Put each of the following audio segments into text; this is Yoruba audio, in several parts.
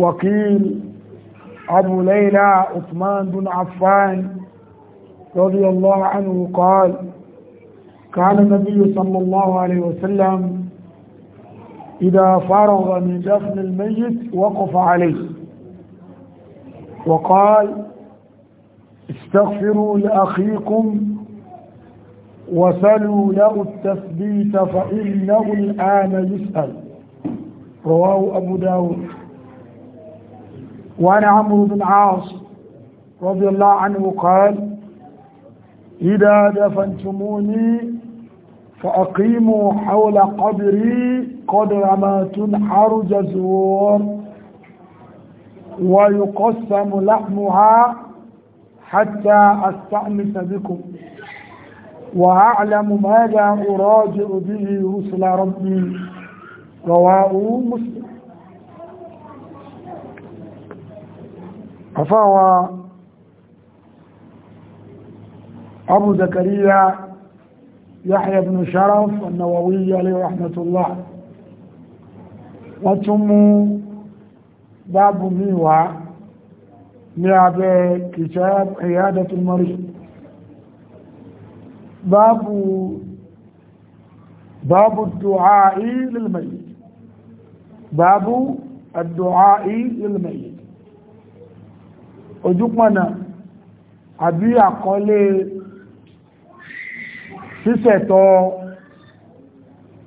وقيل أبو ليلى عثمان بن عفان رضي الله عنه قال كان النبي صلى الله عليه وسلم إذا فرغ من دفن الميت وقف عليه وقال استغفروا لأخيكم وسلوا له التثبيت فإنه الآن يسأل رواه أبو داود وعن عمرو بن عاص رضي الله عنه قال إذا دفنتموني فأقيموا حول قبري قدر ما تنحر جزور ويقسم لحمها حتى أستأنس بكم وأعلم ماذا أراجع به رسل ربي رواه مسلم فهو أبو زكريا يحيى بن شرف النووي عليه رحمة الله وتم باب ميوى لعب كتاب عيادة المريض باب باب الدعاء للميت باب الدعاء للميت ojúpọ̀nà àbí àkọlé sísẹ̀tọ̀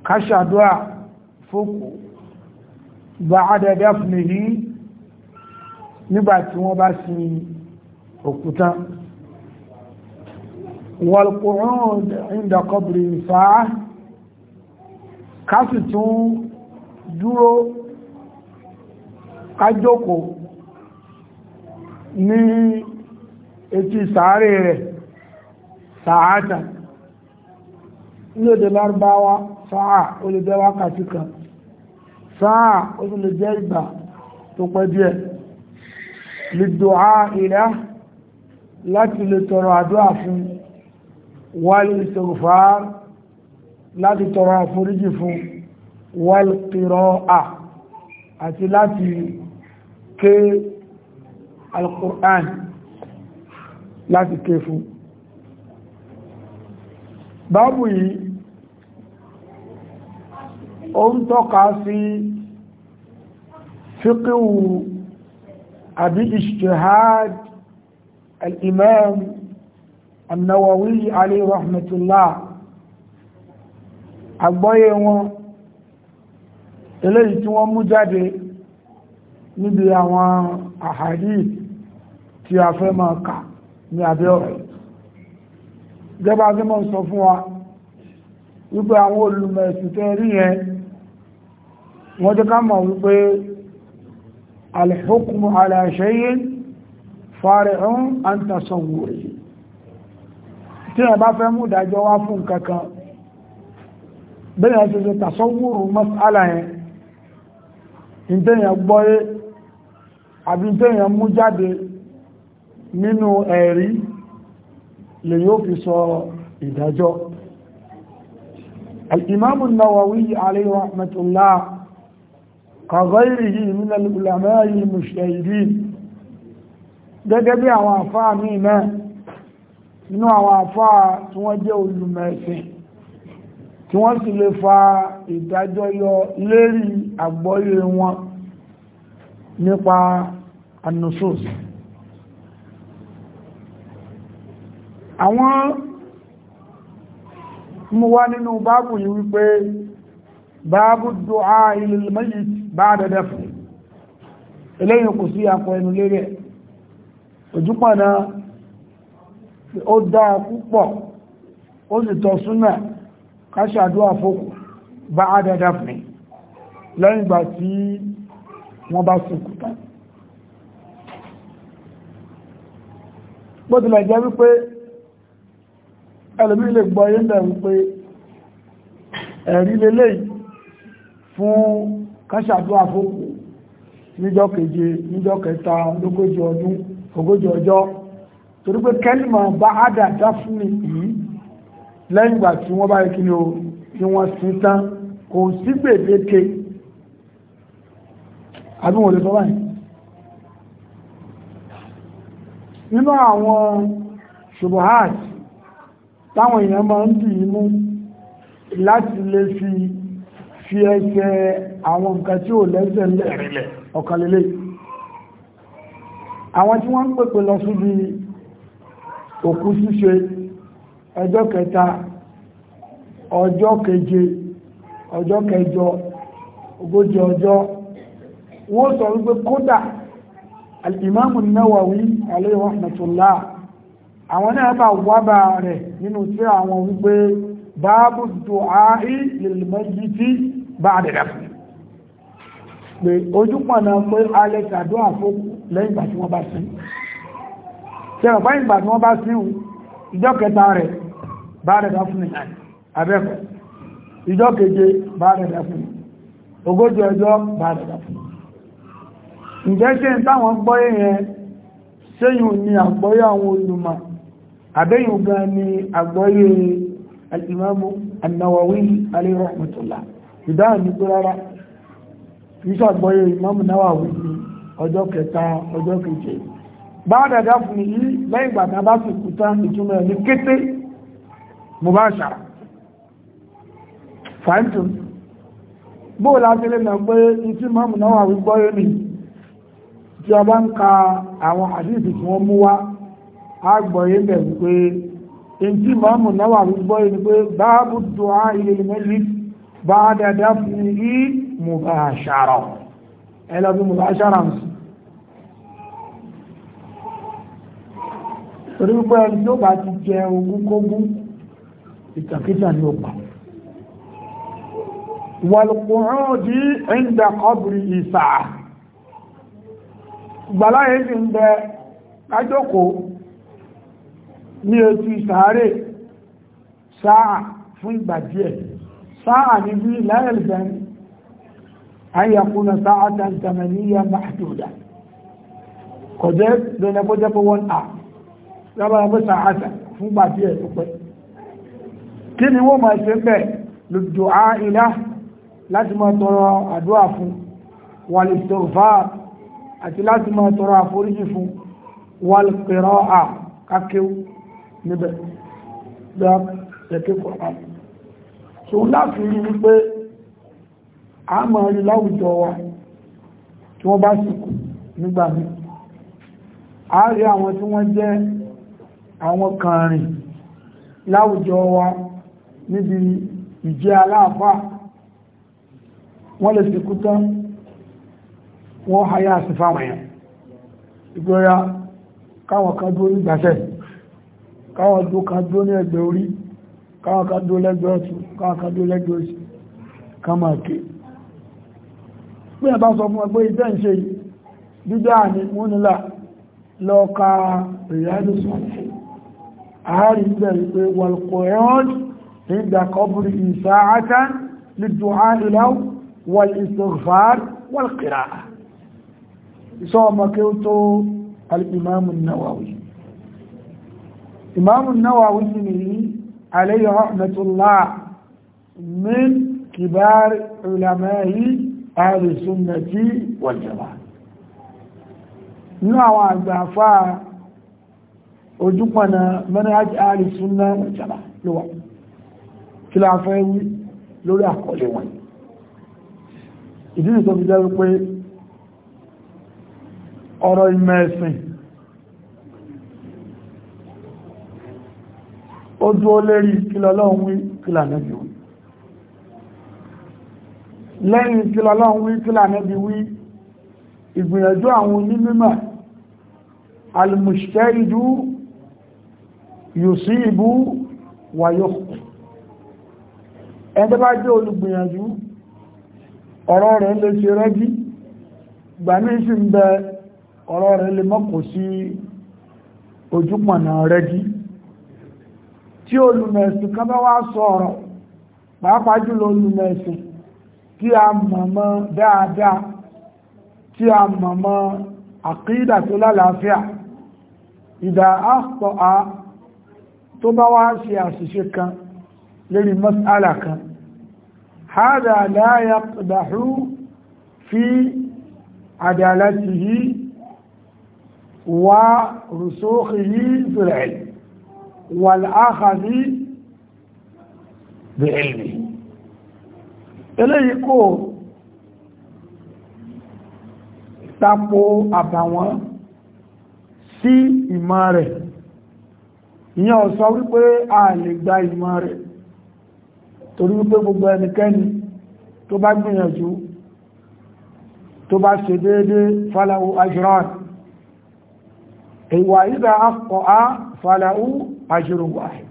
káṣàdúà fókù bá adẹ́dẹ́ fún èyí nígbàtí wọ́n bá sin òkúta wọlkùnrùn ìdàkọ̀bìrì ìfàá kásì tún dúró kájókòó ní etí sàárè rẹ̀ sàáta ní èdè lárúbáwá sáà ó lè jẹ́ wákàtí kan sáà ó lè jẹ́ ìgbà tó pẹ́ díẹ̀ lè dùá ìrá láti lè tọrọ àdúrà fún wálé ìṣòfàá láti tọrọ àforíjì fún wálé kìrọ́ à àti láti ké al-Qur'an láti ké fún báàbù yìí ó ń tọ́ka sí fíkíwù àbí ijtihad al-imam an-Nawawi alayhi rahmatullah àgbọ́yé wọn eléyìí tí wọ́n mú jáde níbi àwọn àhàdìí tí a fẹ́ máa kà ní abẹ́ ọ̀rẹ́ ìjọba tí mọ́ sọ fún wa wípé àwọn olùmẹ̀sì tẹ́ rí yẹn wọ́n jẹ́ ká mọ̀ wípé alhukumu ala shay'in fari'un an tasawwuri tí ẹ bá fẹ́ mú ìdájọ́ wá fún kankan bẹ́yàn ti ṣe tasawwuru mas'ala yẹn ìtẹ́yàn gbọ́yé àbí ìtẹ́yàn mú jáde nínú ẹ̀rí lè yóò fi sọ ìdájọ́ al-imamu nawawi alayhi rahmatullah ka ghayrihi min al-ulama'i al-mujtahidin gẹ́gẹ́ bí àwọn àfáà míì náà nínú àwọn àfáà tí wọ́n jẹ́ olùmẹ̀ẹ̀sìn tí wọ́n sì lè fa ìdájọ́ yọ lérí àgbọ́yé wọn nípa an àwọn mú wá nínú báàbù yìí wípé báàbù dùá ilil mayyit bá dẹ̀dẹ̀ fún eléyìn kò sí àpọ̀ ẹnu lérí ẹ̀ òjúpọ̀nà ó dá púpọ̀ ó sì tọ́ súnà káṣàdúwà fókù bá dẹ̀dẹ̀ fún lẹ́yìn ìgbà tí wọ́n bá sùn ẹlòmí lè gbọ́ ayé ńlẹ̀ wípé ẹ̀rí lélẹ̀ fún káṣàdúwà fókù níjọ́ keje níjọ́ kẹta lógójì ọdún ogójì ọjọ́ torí pé kẹ́lìmọ̀ bá ádàtà fún ní yìí lẹ́yìn ìgbà tí wọ́n bá yẹ kí ni o tí wọ́n sin tán kò sí gbèdéke nínú àwọn ṣubuhati táwọn èèyàn máa ń dì í mú láti lè fi fi ẹsẹ̀ àwọn nǹkan tí ò lẹ́sẹ̀ lẹ́rìnlẹ̀ ọ̀kanlélẹ̀ àwọn tí wọ́n ń pèpè lọ síbi òkú ṣíṣe ọjọ́ kẹta ọjọ́ keje ọjọ́ kẹjọ ogójì ọjọ́ wọ́n sọ wípé kódà al-Imam an-Nawawi alayhi àwọn náà bá wábà rẹ̀ nínú tí àwọn wípé báábù tó àárí lèlùmọ́jì tí bá àdẹ̀dà fún pé ojú pọ̀nà pé alẹ́ tàdó àfókù lẹ́yìn ìgbà tí wọ́n bá sí ṣẹ̀rọ̀pá ìgbà tí wọ́n bá sí ìjọ kẹta rẹ̀ bá àdẹ̀dà fún ní abẹ́kọ̀ ìjọ keje bá àdẹ̀dà fún ogójì ọjọ́ bá àdẹ̀dà fún ǹjẹ́ ṣe ń táwọn gbọ́yẹ̀ yẹn ṣéyìn ní àgbọ́yẹ̀ àwọn olùmọ̀ àbẹ́yìn gan ni àgbọ́yé alìmọ́mù annawawi alayhi rahmatullah ìdáhùn ní pé rárá iṣẹ́ àgbọ́yé ìmọ́mù náwàwí ní ọjọ́ kẹta ọjọ́ keje bá dàdá fún ní lẹ́yìn ìgbà tán bá fi kúta ìtumọ̀ ní kété mubashara fàántùn bóò láti lè nà pé ìtí mọ́mù náwàwí gbọ́yé ni tí ọba ń ka àwọn àdíìsì tí wọ́n mú wá agbọ̀yé bẹ̀ wípé in tí mọ́mù náwà rúgbọ́ yìí pé báábù dùá ilé mẹ́lì bá dada fún yí mubashara ẹlọ́bí mubashara ń sùn torí pé ẹni tó bá ti jẹ ogún kógún ìtàkítà ní ọgbà wàlùkùnrùn-ún inda qabri ní etí sàárè sáà fún ìgbà díẹ̀ sáà ní bí láyẹ̀lẹ́sẹ̀n ayàkúnà sáà tàntàmàníyà máàdùdà kọjẹ́ lẹ́nà kọjẹ́ pé wọ́n à lábára pé sàáta fún ìgbà díẹ̀ tó pẹ́ kí ni wọ́n máa ṣe bẹ́ẹ̀ lùdù á ilá láti fún wàlìtòfà àti láti máa tọrọ àforíjì fún wàlìkìrọ́ à níbẹ̀ bí a tẹ̀kẹ́ kọ̀ọ̀kan so láti rí wípé a máa rí láwùjọ wa tí wọ́n bá sìnkú nígbà mí a rí àwọn tí wọ́n jẹ́ àwọn kànrìn láwùjọ wa níbi ìjẹ́ aláàfáà wọ́n lè sìnkú tán wọ́n háyà sí fáwọn èèyàn ìgbéra káwọn kan dúró nígbàṣẹ́ káwọn tó ká dó ní ẹgbẹ́ orí káwọn ká dó lẹ́gbẹ́ ọ̀tún káwọn ká dó lẹ́gbẹ́ òsì ká máa ké pé ẹ̀bá sọ fún ẹgbẹ́ ìtẹ́ ń ṣe dídá ní múnilá lọ ka ìyájú kí ó tó al-Imam ìmáàmù Nawawi ní alayhi rahmatullah min kibar ulama'i ahli sunnati wal jama'a nínú àwọn àgbàfà ojúpọ̀nà manhaj ahli sunna wal jama'a ló wà kí la fẹ́ wí lórí àkọlé wọn ìdí nìkan fi ó dúó lérí kílọ́lọ́un wí kílànẹ́bí wí lẹ́yìn kílọ́lọ́un wí kílànẹ́bí wí ìgbìyànjú àwọn onímọ̀ alìmùsítẹ́ìdú yùsí ìbú wàyó ẹgbẹ́ bá jẹ́ olùgbìyànjú ọ̀rọ̀ rẹ̀ lè ṣe rẹ́gí gbàmí sí ń bẹ ọ̀rọ̀ rẹ̀ lè mọ́kò sí ojúpọ̀nà rẹ́gí tí olùmẹ̀sìn kan bá wá sọ ọ̀rọ̀ pàápàá jùlọ olùmẹ̀sìn tí a mọ̀mọ́ dáadáa tí a mọ̀mọ́ àkídà tó lálàáfíà ìdá àpọ̀ a tó bá wá ṣe àṣìṣe kan lórí mas'ala kan hádà láyà dàhú fi àdàlátìyí wa rùsókìyí fìrẹ̀lì wàláhàní bẹ̀ẹ̀lì eléyìí kò tapo àbàwọn sí ìmọ̀ rẹ̀ ìyẹn ò sọ wípé a lè gba ìmọ̀ rẹ̀ torí wípé gbogbo ẹnikẹ́ni tó bá gbìyànjú tó bá ṣe déédé fàlàú ajran ìwà ìdá àpọ̀ á fàlàú ajírun wáhid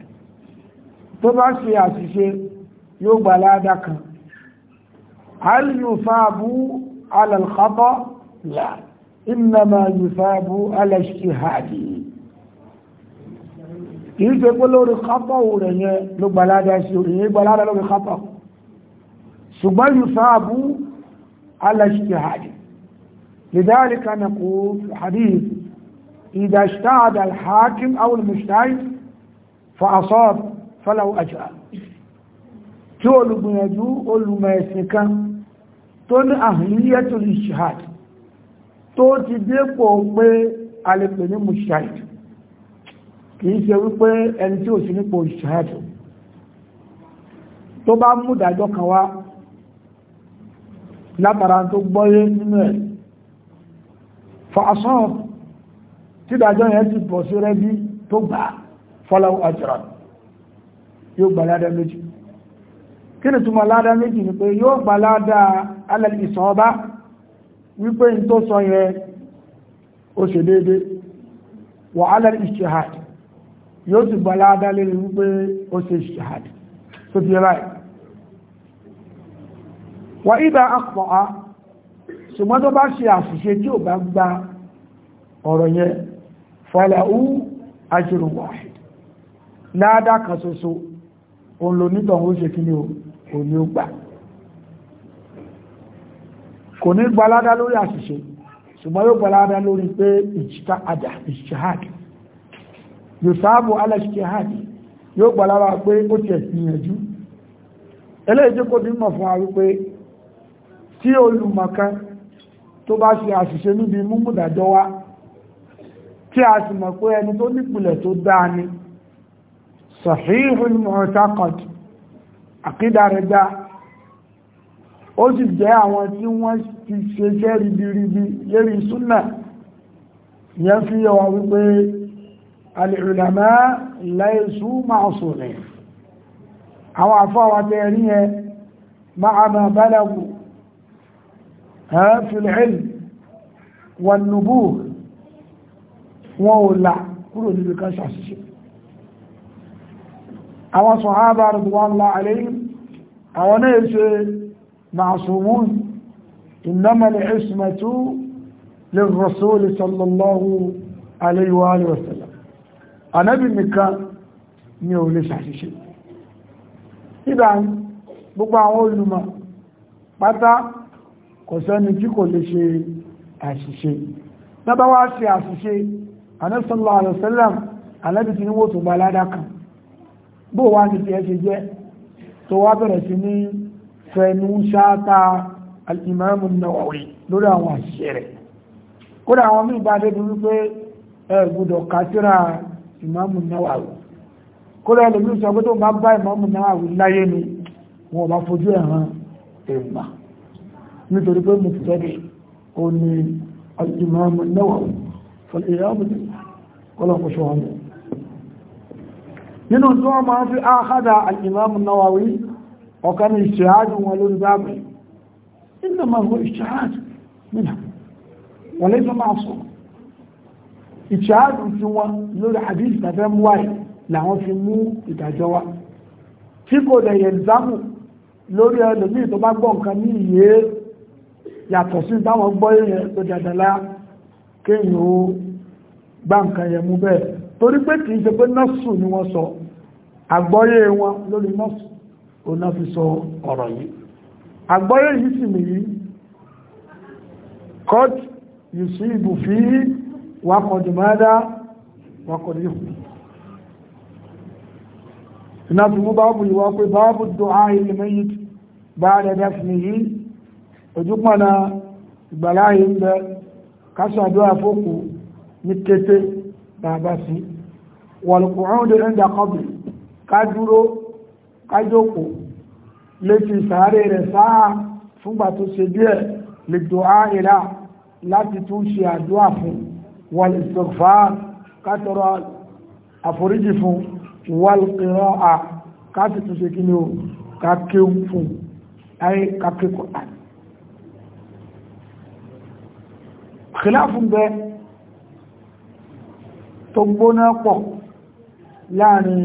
tó bá ṣe àṣìṣe yóò gbà ládá kan hal yusabu ala al-khata la innama yusabu ala al-ijtihadi kìí ṣe pé lórí kápọ̀ rẹ̀ yẹn ló gbalada sí orí yẹn gbalada lórí kápọ̀ ṣùgbọ́n yusabu ala ijtihadi lidhalika naqul hadith idha ijtahada al-hakim aw al fa'asọ́r fọ́láwọ́ àjọ́ tí olùgbìyànjú olùmẹ̀ẹ̀sìn kan tó ní àhìlíyàtò ìṣihad tó ti dépò pé alẹ́pẹ̀ ní mùsíhad kìí ṣe wípé ẹni tí ò sí nípò ìṣihad tó bá mú ìdájọ́ kan wá látara tó gbọ́yé nínú ẹ̀ fa'asọ́r tí ìdájọ́ yẹn ti bọ̀ sí rẹ́bí tó gbàá Fala’u àjọrà yóò gba ládá méjì kí ni méjì ni pé yóò gba wípé n tó sọ yẹn ó ṣe déédé wà yóò ti gba ládá lérí wípé ó ṣe ìṣèhàd tó fi báyìí wà ìdá àpọ̀ ṣùgbọ́n tó bá ṣe àṣìṣe tí ò bá gba ọ̀rọ̀ yẹn ládá kan soso òun lò nítọ̀hún ó ṣe kí ni ò ní ó gbà kò ní gba ládá lórí àṣìṣe ṣùgbọ́n yóò gba ládá lórí pé ìjìká àjà ìṣẹ́hàdì yóò sáàbò yóò gba lára pé ó tiẹ̀ gbìyànjú eléyìí tí kò ní mọ̀ fún wa wípé tí olùmọ̀kan tó bá ṣe àṣìṣe níbi múmúdàjọ́ a sì mọ̀ pé sahihul mu'taqad àkídà rẹ̀ dá ó sì jẹ́ àwọn tí wọ́n ti ṣe jẹ́ ribiribi lérí súnà yẹn fi yẹ wa wípé al-ulama laysu ma'sumin àwọn àfọwà tẹ́ rí yẹn ma'a ma balagu fil ilm wan nubuh wọn ò là kúrò níbi kan ṣàṣìṣe àwọn sọ̀hábà rọ̀dùwọ́nlá aléyìn àwọn náà ṣe ma'asumun innamal ismatu lirrasul sallallahu alayhi wa alihi wa sallam anábì nìkan ni ò lè ṣàṣìṣe ìdá gbogbo àwọn olùmọ̀ pátá kò sẹ́ni tí kò lè ṣe àṣìṣe náà bá wá ṣe àṣìṣe anẹ́sọ́lọ́ àlọ́sẹ́lẹ̀m anábì tí ní wó tó kan bó wá ti tiẹ̀ ṣe jẹ́ tó wá bẹ̀rẹ̀ sí ní fẹnu ṣáta alìmọ́mù Nawawi lórí àwọn àṣìṣe rẹ̀ kódà àwọn mí bá débi wípé ẹ gbọ́dọ̀ kásíra ìmọ́mù Nawawi kódà ẹlòmí sọ pé tó bá bá ìmọ́mù Nawawi láyé ni wọn bá fojú ẹ̀ hàn nítorí pé mo ti tẹ́lẹ̀ ó ní Nawawi fọlẹ̀ ìyá ọ̀bùdó kọ́lọ̀ kọ́ṣọ́ wọn nínú tí wọ́n máa fi áhádà al-Imam Nawawi ọ̀kan ìṣẹ́hájú wọn lórí dábì inna ma huwa ìṣẹ́hájú nínú wọ́n lè tó máa sọ ìṣẹ́hájú tí wọ́n lórí hadith tàbí mwáì làwọn fi mú ìdájọ́ wa tí kò dẹ̀ yẹ ìzámù lórí ẹlòmíì tó bá gbọ́ nǹkan ní ìyé yàtọ̀ sí táwọn gbọ́ yẹn tó dàdàlá kéèyàn ó gbá nǹkan yẹn mú bẹ́ẹ̀ torí pé kìí ṣe pé nọ́ọ̀sù ni wọ́n sọ àgbọ́yé wọn lórí mọ́sù oná fi sọ ọ̀rọ̀ yìí àgbọ́yé yìí sì nìyí kọ́t yìí ibù fi wakọ̀dìmọ́dá wakọ̀dìmọ́ iná fi mú báàbù yìí wá pé báàbù dùn áhìlì mẹ́yìí bá dẹ̀dẹ̀ fi nìyí ojúpọ̀nà ìgbàláyé ń bẹ kásàdúrà fókù ní kété bàbá sí wọ̀lùkùnrin dẹ̀ ká dúró ká jókòó létí sàárè rẹ̀ sáà fúngbà tó ṣe díẹ̀ lè tó á ìlà láti tún ṣe àdúrà fún wal istighfar ká tọrọ àforíjì fún wal qira'a ká sì tún ṣe kí ni o ká fún ayé ká kékọ̀ọ́ kìláàfù bẹ tó gbóná pọ̀ láàrin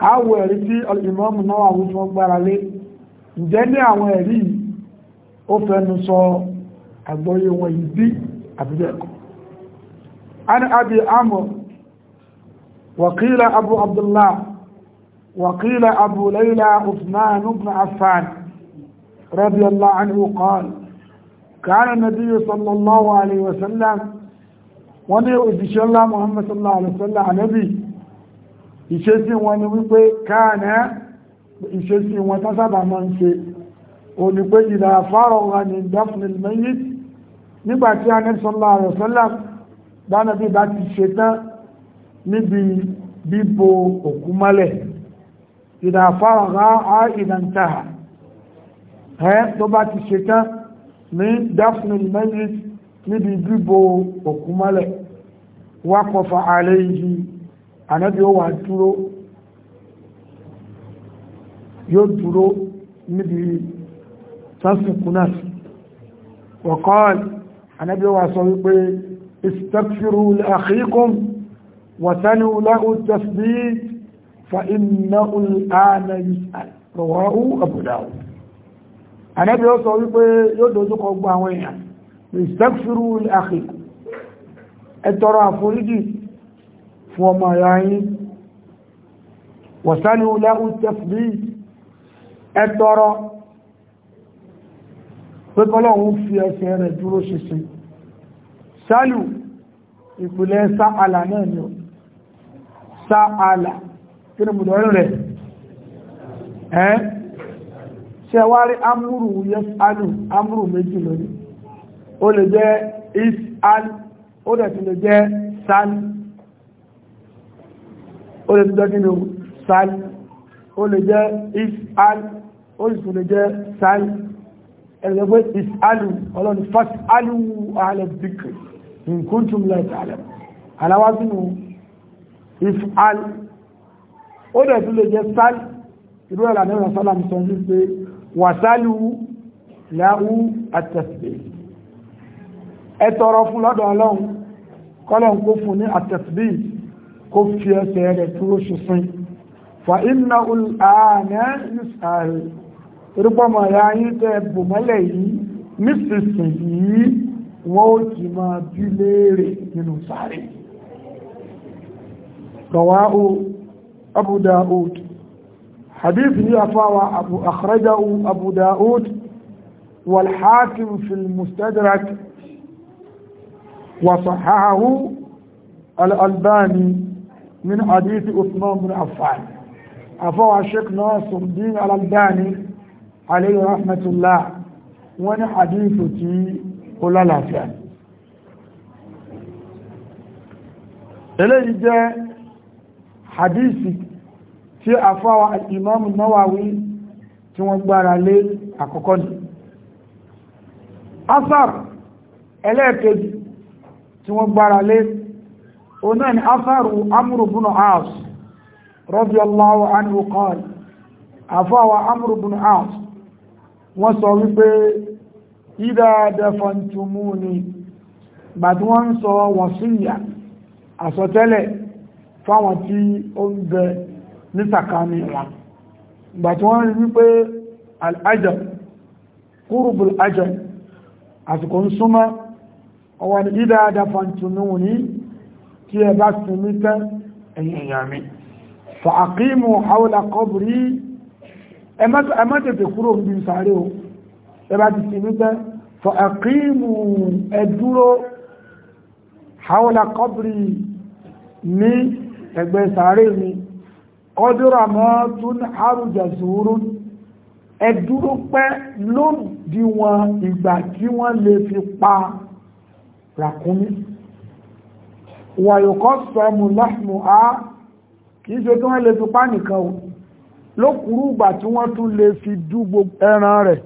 káwọ ẹ̀rí tí Al-Imamu Nawawi tí wọ́n gbára lé ǹjẹ́ ní àwọn ẹ̀rí ó fẹ́nu sọ àgbọ́yé wọn yìí bí àbíbẹ̀kọ́ an abi amr wakila abu abdullah wakila abu layla uthman ibn affan radiyallahu anhu qala kana nabiy sallallahu alayhi wa sallam wani òjíṣẹ́ Allah muhammad sallallahu alayhi wa sallam anabi ìṣesí wọn ni wípé káàná ìṣesí wọn tán sábà máa ń ṣe o ní pé ìlà fárọ̀ wa ní dafnil mayyit nígbà tí Ànábì sallallahu alaihi wasallam dánàbí bá ti ṣe tán níbi bíbo òkú mọ́lẹ̀ ìdá fárọ̀gá á ìdàntáà ẹ́ tó bá ti ṣe tán ní dafnil mayyit níbi bíbo òkú mọ́lẹ̀ wákọ̀fà àlẹ́ yìí ànábì ó wà dúró yóò dúró níbi sánsìnkú náà wọ̀kọ́ọ̀lì ànábì ó wà sọ wípé istaghfiru li akhikum wàtánú láhù tasbih fa inna ul'ana yus'al rawahu Abu Dawud ànábì ó sọ wípé yóò dojúkọ gbọ́ àwọn èèyàn istaghfiru li àforíjì fún ọmọ ara yín wọ̀sánú lẹ́hùn tẹ́fìdí ẹ̀tọ́rọ pé kọ́lọ̀hún fi ẹsẹ̀ rẹ̀ dúró ṣinṣin sálù ìpìlẹ̀ sáàlà náà ni ó sáàlà kí ni mùdọ̀rin rẹ̀ ẹ́ ṣẹwárí amúrù yẹ́sálù amúrù méjì lónìí ó lè jẹ́ ìsálù ó dẹ̀ tún lè jẹ́ sálù ó lè jẹ́ kí ni sal ó lè jẹ́ isal ó sì tún lè jẹ́ sal ẹ̀rọ pé isalu ọlọ́ni fast alu alẹ́ bíkì nǹkan tún lẹ́ tààlẹ̀ aláwá sínú ifal ó dẹ̀ tún lè jẹ́ sal ìlú ẹ̀lá ní ọ̀rọ̀ sálàmù sọ ní pé wàsálù láhú àtẹ̀sẹ̀ ẹ tọrọ fún lọ́dọ̀ ọlọ́run kó fi ẹsẹ̀ rẹ̀ tó ṣù sin fa iná olùhànà israel rúgbọ́mọ̀ ya yín tẹ bùmọ́lẹ̀ yìí nísinsìnyí wọ́n ó ti máa bí léèrè nínú sáré rọwáhù abu da'ud hadith ni afawa abu akhrajahu abu da'ud wal hakim fil mustadrak وصححه الألباني من حديث عثمان بن عفان أفوى الشيخ ناصر الدين على الألباني عليه رحمة الله وأنا حديثتي قل لا فعل إليه جاء حديثي tí àfáwà ìmáàmù náwàwí tí wọ́n gbára lé àkọ́kọ́ ni asar ẹlẹ́ẹ̀kejì onan afaru amru bin as radiyallahu anhu qala afawa amru bin as wọ́n sọ wípé ìdá dafantumu ni bàtí wọ́n ń sọ ní sàkání wa bàtí wọ́n rí ajab àsìkò ń súnmọ́ ọwọ́n ìdá dafantumu tí ẹ bá sinmi tẹ́ ẹ̀yìn èèyàn mi fàákímù haúlà kọbùrí ẹ má tètè kúrò níbi sàárè o ẹ bá ti sinmi tẹ́ fàákímù ẹ dúró haúlà kọbùrí ní ẹgbẹ́ sàárè mi kọdúrà mọ́ tún àrùjà sùúrù ẹ dúró pẹ́ lóòdì ìgbà tí wọ́n lè fi pa ràkúnmí wàyòkọ́ sọmù lọ́mù á kìí ṣe tí wọ́n lè fi pá nìkan o lókùrú ìgbà tí wọ́n tún lè fi dú gbogbo ẹran rẹ̀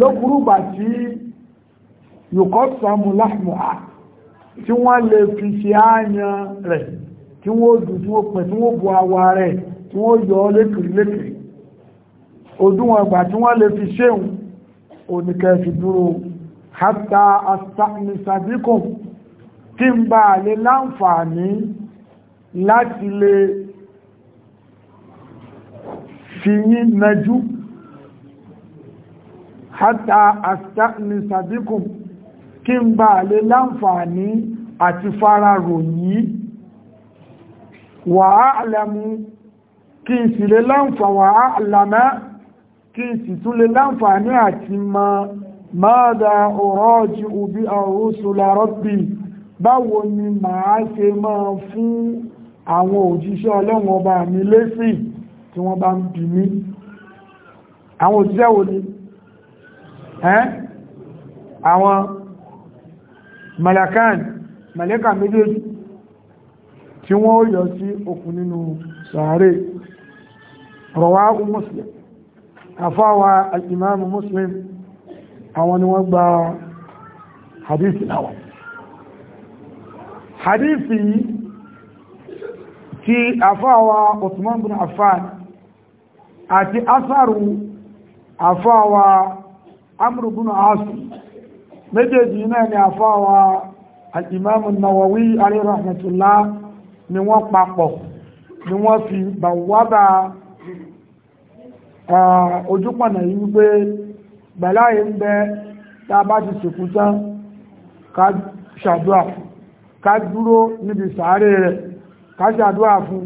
lókùrú ìgbà tí yòkọ́ sọmù lọ́mù á tí wọ́n lè fi ṣe áyàn rẹ̀ tí wọ́n dùn tí wọ́n pẹ̀ tí wọ́n bu awọ rẹ̀ tí wọ́n yọ lékìrí lékìrí òdúnwọ̀n ìgbà tí wọ́n lè fi ṣéhùn oníkẹ́ẹ̀fì dúró hátà àtàmìsàdíkùn kí ń bá lè láǹfààní láti lè fi yín nájú hátà àtàmìsàdíkùn kí ń bá lè láǹfààní àti fara ròyìn wàá àlàmú kí ń sì lè láǹfà wàá kí n sì tún lè láǹfààní àti ma mada ọ̀rọ̀jì òbí àrùsùlà rọ́bì báwo ni màá ṣe máa fún àwọn òjíṣẹ́ ọlọ́run ọba mi lésì tí wọ́n bá ń bi mí àwọn òjíṣẹ́ wo ni àwọn malakan malaka méjèèjì tí wọ́n yọ sí òkun nínú sàárè rọ̀wá muslim àfáwà al'imamu muslim a wani wọ́n gba hadithi náà hadithi ti àfáwà Uthman bin Affan àti asaru àfáwà Amr bin As méjèèjì náà ni àfáwà al'imamu Nawawi alayhi rahmatullah ni wọn papọ̀ ni wọn fi bàwọ́bàá ojúpọ̀nà yìí wípé bẹ̀láyé ń bẹ tá a ti sìnkú tán ká ṣàdúà ká dúró níbi sàárè rẹ̀ ká ṣàdúà fún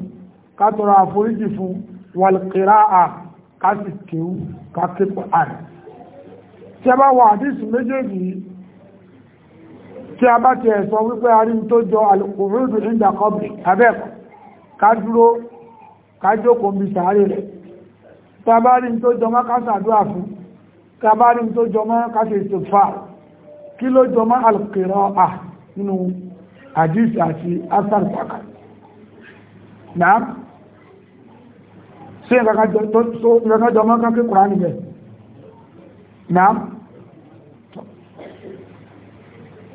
ká tọrọ àforíjì fún wàlùkìráà ká sì kéwú ká képa àrẹ̀ tí a bá wà àdísù méjèèjì tí a bá ti wípé tó jọ abẹ́ẹ̀kọ́ ká dúró ká jókòó níbi sàárè rẹ̀ tàbárí tó jọmọ́ kásàdúrà fún tàbárí tó jọmọ́ kásẹ̀ ìtòfà kí ló jọmọ́ alqira'a nínú àdísì àti asàrùpàkà náà sí ìrẹ́kà jọmọ́ kákẹ́ kùránì bẹ̀ náà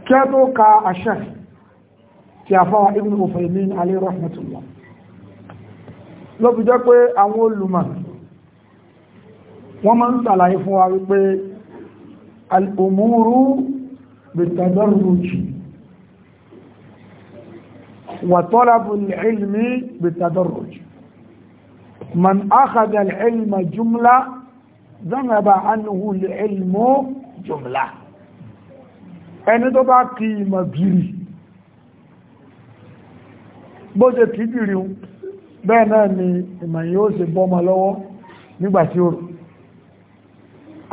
kí a tó ka àṣẹ tí a fáwọn ibn Uthaymin alayhi rahmatullah lọ́bí jẹ́ pé àwọn olùmọ̀ wọ́n máa ń sàlàyé fún wa wípé al'umuru bitadarruji wa talabu al'ilmi bitadarruji man akhadha al'ilma jumla zanaba anhu al'ilmu jumla ẹni tó bá kí ìmọ̀ bìrì bó ṣe kìí bìrì bẹ́ẹ̀ náà ni ìmọ̀ yóò ṣe bọ́mọ lọ́wọ́ nígbàtí ó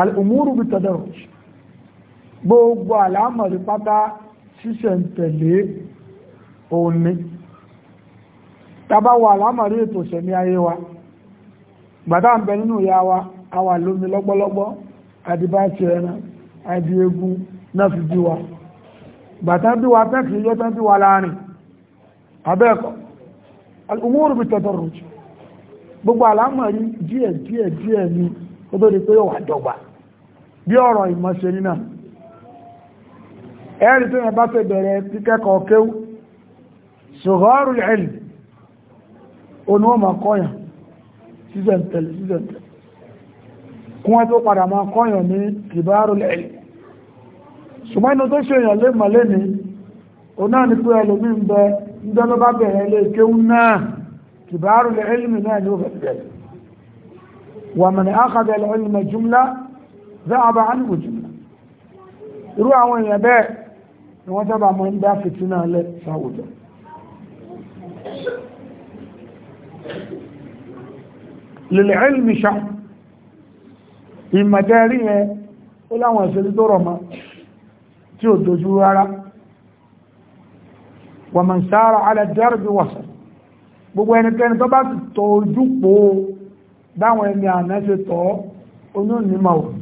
al'umuru bi tadarruj gbogbo àlámọ̀rí pátá ṣíṣẹ̀ntẹ̀lé òun ni tàbáwọ̀ àlámọ̀rí ètò ìṣẹ̀mí ayé wa gbàdá ń bẹ nínú ìyá wa a wà lómi lọ́gbọ́lọ́gbọ́ àdìbáṣẹ ẹran àdì egun náà fi bí wa gbàtà bí wa tẹ́kì yóò tẹ́ bí wa láàrin abẹ́ẹ̀kọ́ al'umuru bi tadarruj gbogbo àlámọ̀rí díẹ̀ díẹ̀ díẹ̀ ni ó tó di pé yóò bí ọ̀rọ̀ ìmọ̀ṣe nínà ẹ̀rì tí wọ́n bá fẹ́ bẹ̀rẹ̀ kíkẹ́kọ̀ọ́ kéwú ṣòhọ́rù ìlú oníwọ̀mà kọ́yàn sízẹ̀ntẹ̀lẹ̀ sízẹ̀ntẹ̀lẹ̀ kún wọ́n tó padà máa kọ́yàn ní kìbárù ìlú ṣùgbọ́n inú tó ṣe èèyàn lé mọ̀lé ni ó náà ní pé ẹlòmí ń bẹ ń dánú bá bẹ̀rẹ̀ ilé kéwú náà kìbárù ìlú náà ni ó bẹ̀rẹ̀ wàmìnà ákàdẹ̀ ìlú jùmlá záàbà ánìwòjì irú àwọn èèyàn bẹ́ẹ̀ ni wọ́n sábà máa ń dá fìtínà lẹ̀ sáwùjọ lílẹ̀ ẹ̀lmì ṣá ìmọ̀jẹ́ rí yẹn ó láwọn ìṣẹ́lú tó rọ̀ mọ́ tí ò dojú rárá wà mọ̀ sára alẹ́dẹ́rẹ́bí wàsàn gbogbo ẹnikẹ́ni tó bá ti tọ́jú pò báwọn ẹni àná ṣe tọ́ oní ònímọ̀ òun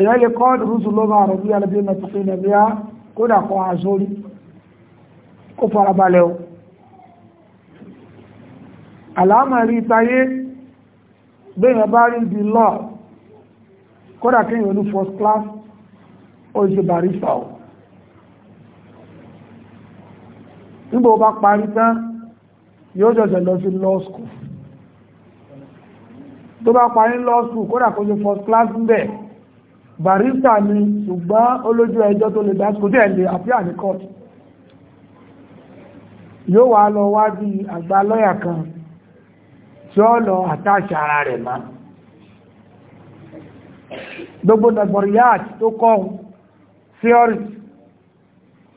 èyàn lè kọ́ rúsù lọ́wọ́ àrọ̀bí alábí mẹ́tọ́fẹ́ nàbí á kódà kan àzórí kó farabalẹ̀ o àlàámà rí táyé bẹ́yàn bá rí di lọ kódà kéyàn ní first class ó ṣe barista o nígbà ó bá parí tán yóò jọjọ lọ sí law school tó bá parí law school kódà kó ṣe first class ń bẹ̀ẹ́ barista ni ṣùgbọ́n olójú ẹjọ́ tó lè dásìkò tí ẹ̀ lè àpíà ní court yóò wá lọ wá bí àgbà lọ́yà kan tí ó lọ àtàṣà ara rẹ̀ má gbogbo nàgbọ̀rìyà tó kọ́ theory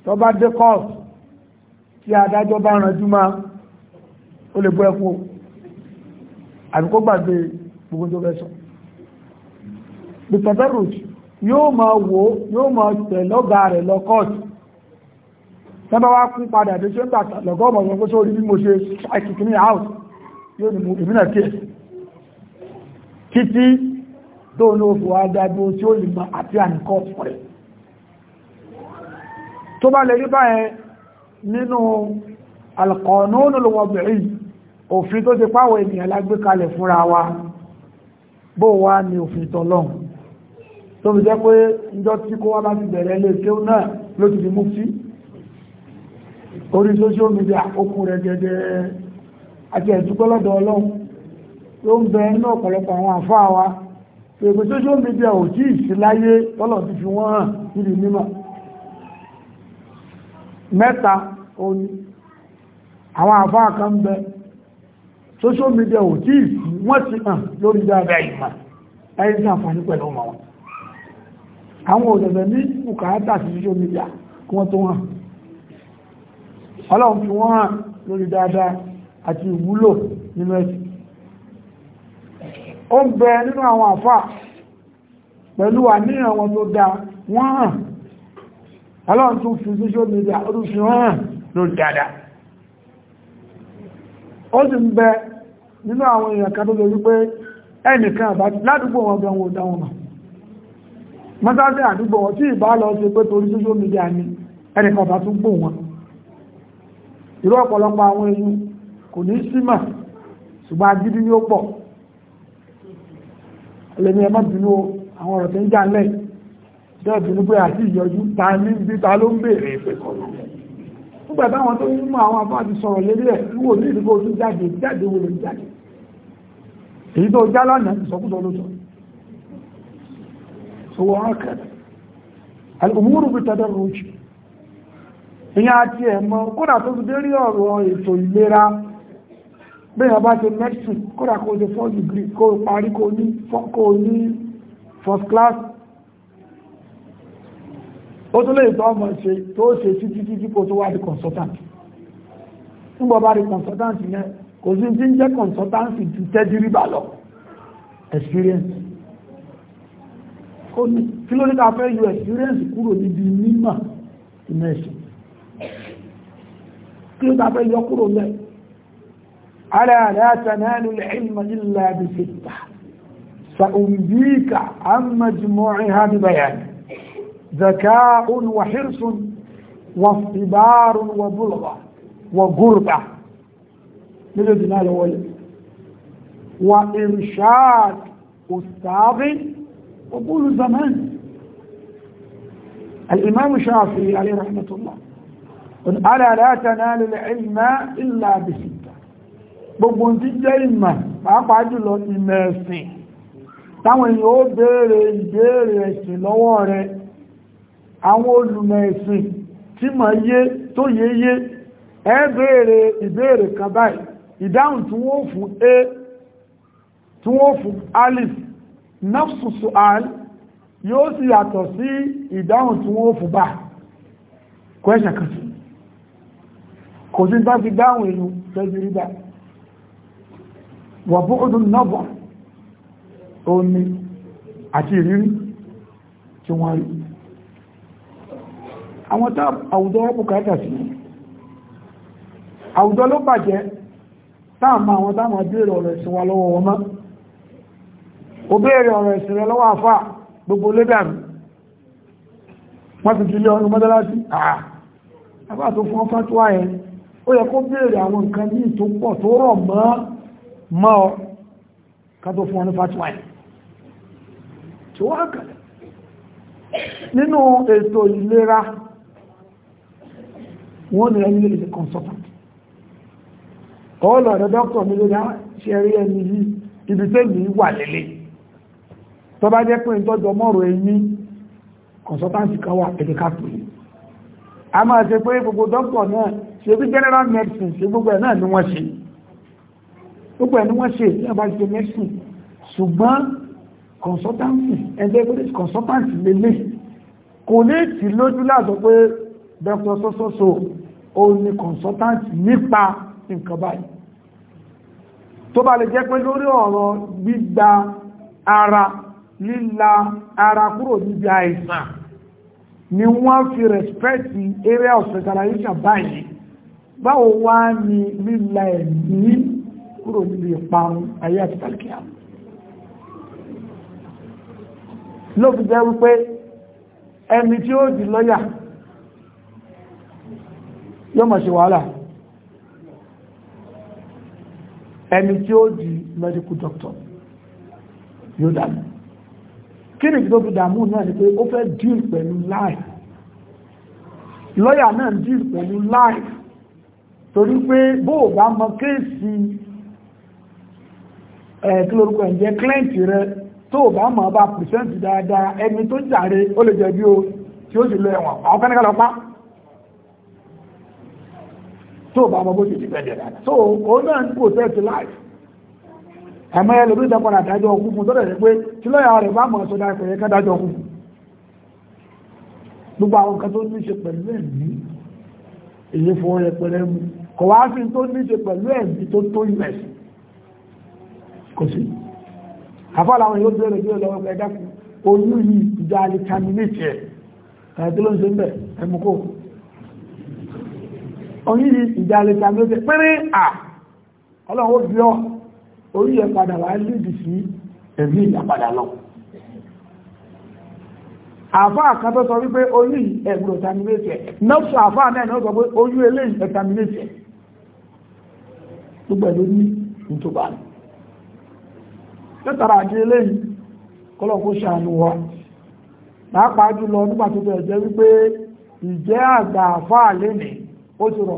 tó bá dé court tí adájọ́ bá ránjú má ó lè bọ́ ẹkú àbíkó gbàgbé gbogbo tó fẹ́ sọ. Mr. Berruch yóò máa wò yóò máa tẹ̀ lọ́gà rẹ̀ lọ kọ́ọ̀tù tẹ́bá wá kún padà tó ṣe ń gbà lọ́gọ́ ọmọ ọmọ sórí bí mo ṣe àìkìkì ní house yóò ní mo ìmìnà tí ẹ̀ títí tó ní oòfò adágbó tí ó lè máa àti àníkọ́ rẹ̀ tó bá lè rí báyẹn nínú alqanunul wadi'i òfin wa bó wá tó fi jẹ́ pé ìjọ tí kó wá bá ti bẹ̀rẹ̀ ilé kéwú náà ló ti di mufti orí social media okùn rẹ̀ gẹ́gẹ́ àti ẹ̀tùkọ́lọ́dọ̀ ọlọ́run tó ń bẹ inú ọ̀pọ̀lọpọ̀ àwọn àfáà wa pèpè social media ò tí ìsí láyé tọ́lọ̀ ti fi wọ́n hàn níbi mímọ̀ mẹ́ta òní àwọn àfáà kan bẹ social media ò tí ìsí wọ́n ti hàn lórí dáadáa ìmọ̀ ẹ̀yìn sí àǹfààní pẹ̀lú ọmọ wọn àwọn òdẹ̀bẹ̀ ní bùkátà sí social media kí wọ́n tó wọn ọlọ́run fi wọ́n hàn lórí dáadáa àti ìwúlò nínú ẹ̀sìn ó ń bẹ nínú àwọn àfà pẹ̀lú àníyàn wọn tó dáa wọ́n hàn ọlọ́run tún fi social media ó tún fi wọ́n lórí dáadáa mọ́sáàsì àdúgbò wọn tí ìbá lọ sí pé torí social media ni ẹnìkan bá tún gbò wọn irú ọ̀pọ̀lọpọ̀ àwọn ẹyún kò ní símà ṣùgbọ́n agídí yóò pọ̀ ẹlẹ́ni ẹmọ́ bínú àwọn ọ̀rọ̀ tó ń jà lẹ́ jẹ́ bínú pé àti ìyọjú ta ní bí ta ló ń bèèrè ìpẹ́ kọ́ nígbà táwọn tó ń mú àwọn afáàbí sọ̀rọ̀ lérí ẹ̀ wò èyí tó já lánàá ìsọkúsọ ló هو هكذا الأمور بالتدرج ìyá àti ẹ̀mọ́ kódà tó fi dérí ọ̀rọ̀ ètò ìlera bẹ́yà bá ti medicine kódà kó ṣe first degree kó parí kó ní kó ní first class ó tó lè tọ́ ọmọ ṣe tó ṣe títí títí kó tó wá di consultant nígbà bá di consultant yẹn kò sí ti ń jẹ́ consultant ti tẹ́jú rí bá lọ experience ó ní kí ló ní ká fẹ́ yọ experience kúrò níbi mímọ̀ ìmọ̀ ẹ̀sìn kí ló ká fẹ́ yọ kúrò lẹ́ ala la tanalu al-ilma illa bi sitta sa'unbika an majmu'iha bi bayan ذكاء وحرص واصطبار وبلغة وقربة لذلك نال وإرشاد أستاذ قبول الزمان الإمام الشافعي عليه رحمة الله قل لا تنال العلم إلا gbogbo tí jẹ́ ìmọ̀ pàápàá jùlọ táwọn èèyàn ó béèrè ìbéèrè ẹ̀sìn lọ́wọ́ rẹ̀ àwọn olùmọ̀ tí ma yé tó yé yé ẹ béèrè ìbéèrè kan alif nafsu su'al yóò sì yàtọ̀ sí ìdáhùn tí wọ́n fún bá kwẹ́ṣà kan sí kò sí bá fi dáhùn èlú tẹ́jú rí bá wà bóòdún nọ́bọ̀ omi àti ìrírí tí wọ́n rí àwọn tá àwùjọ bùkátà sí àwùjọ ló bàjẹ́ táàmà àwọn táàmà bèèrè ọ̀rọ̀ ìsinwa lọ́wọ́ wọn máa ó béèrè ọ̀rọ̀ ìsìnrẹ lọ́wọ́ àfà gbogbo lébàmí wọ́n ti ti lé ọdún mọ́dálásí àbá tó fún ọfá tó ààyẹ ó yẹ kó béèrè àwọn nǹkan ní tó pọ̀ tó rọ̀ mọ́ mọ́ ọ ká tó fún ọdún fátúwà ẹ̀ tó wá kàlẹ̀ nínú ètò ìlera wọ́n ni ẹni lè consultant ọlọ́rẹ̀ dókítà mi lórí ah, ṣe rí ẹni yìí ibi tẹ́lì wà lélẹ̀ tó bá jẹ́ pé ń tọ́jọ mọ́rọ̀ ẹni consultancy kan wà ẹ̀kẹ́ kápẹ́ a máa ṣe pé gbogbo dókítà náà ṣe bí general medicine ṣe gbogbo ẹ̀ náà ni wọ́n ṣe gbogbo ẹ̀ ni wọ́n ṣe ní àbá ṣe medicine ṣùgbọ́n consultancy ẹgbẹ́ pé consultancy lélẹ̀ kò ní ti lójú láàtọ̀ pé dr sososo ó ní consultancy nípa nǹkan báyìí tó bá lè jẹ́ pé lórí ọ̀rọ̀ gbígba ara líla ara kúrò níbi àìsàn ni wọ́n fi rẹ̀spẹ́tì area of specialization báyìí báwo wá ní líla ẹ̀mí kúrò níbi ìparun ayé àti kàlùkìá ló fi jẹ́ wípé ẹni tí ó di lọ́yà yóò máa ṣe wàhálà ẹni tí ó di medical doctor yóò dànù kí ni ìjọba ìdààmú náà ni pé ó fẹ́ díìl pẹ̀lú life lọ́yà náà díìl pẹ̀lú life torí pé bó o bá mọ kéèsì ẹ̀kílórúkọ ẹ̀jẹ̀ klẹ́ǹtì rẹ tó o bá mọ̀ ọba pìrìsẹ́ǹtì dáadáa ẹni tó jàre ó lè jẹ̀bi o tí ó sì lọ ẹ̀wọ̀n àwọn kẹ́nìkan lọ pa tó o bá mọ bó ti ti bẹ̀rẹ̀ dáadáa so òun náà ń pòtẹ́ẹ̀tì life àmọ́ ẹ lórí ìdápadà dájọ́ ọkú fún tọ́lẹ̀ pé tí lọ́yà rẹ̀ bá mọ̀ sọ́dá ẹ̀kọ́ yẹn ká dájọ́ ọkú fún gbogbo àwọn nǹkan tó ní ṣe pẹ̀lú ẹ̀mí èyí fún ọ̀rẹ́ pẹ̀lẹ́ mú kọ̀ wá sí tó ní ṣe pẹ̀lú ẹ̀mí tó tó ilẹ̀ kò sí orí ẹ̀ padà wá lèdì sí ẹ̀mí ìyàpadà lọ àfáà kan tó sọ wípé orí ẹ̀gbùn ọ̀tàmìlẹ́sẹ̀ nọ́ọ̀sù àfáà náà náà sọ pé orí eléyìí ọ̀tàmìlẹ́sẹ̀ gbogbo ẹ̀lú ní ìtòbá ní àti eléyìí kọ́lọ̀kó ṣàánú wa pàápàá jùlọ nígbà tó bẹ̀rẹ̀ jẹ́ wípé ìjẹ́ àgbà àfáà lénìí ó ti rọ̀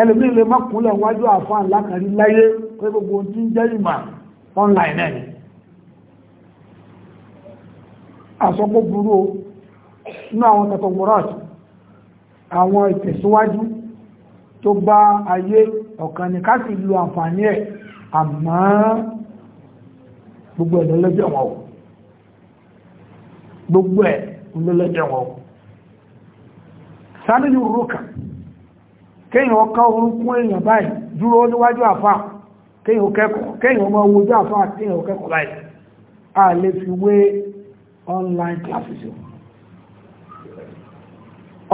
ẹlòmíì lè má kúnlẹ̀ wájú àfáà ńlá kan rí láyé pé gbogbo ohun tí ń jẹ́ ìmọ̀ online ẹ̀ àsọpọ̀ burú o nínú àwọn tẹkọmọ́rọ̀t àwọn ìtẹ̀síwájú tó bá ayé ọ̀kan ní káàkì lu àǹfààní ẹ̀ àmọ́ gbogbo ẹ̀ lọ́lọ́jọ́ wọn o gbogbo ẹ̀ lọ́lọ́jọ́ wọn o sáré ní orúkà kéèyàn ká orúnkún èèyàn báyìí dúró níwájú àfà kéèyàn kẹ́kọ̀ọ́ kéèyàn mọ ojú àfà kéèyàn kẹ́kọ̀ọ́ báyìí a lè fi wé online classes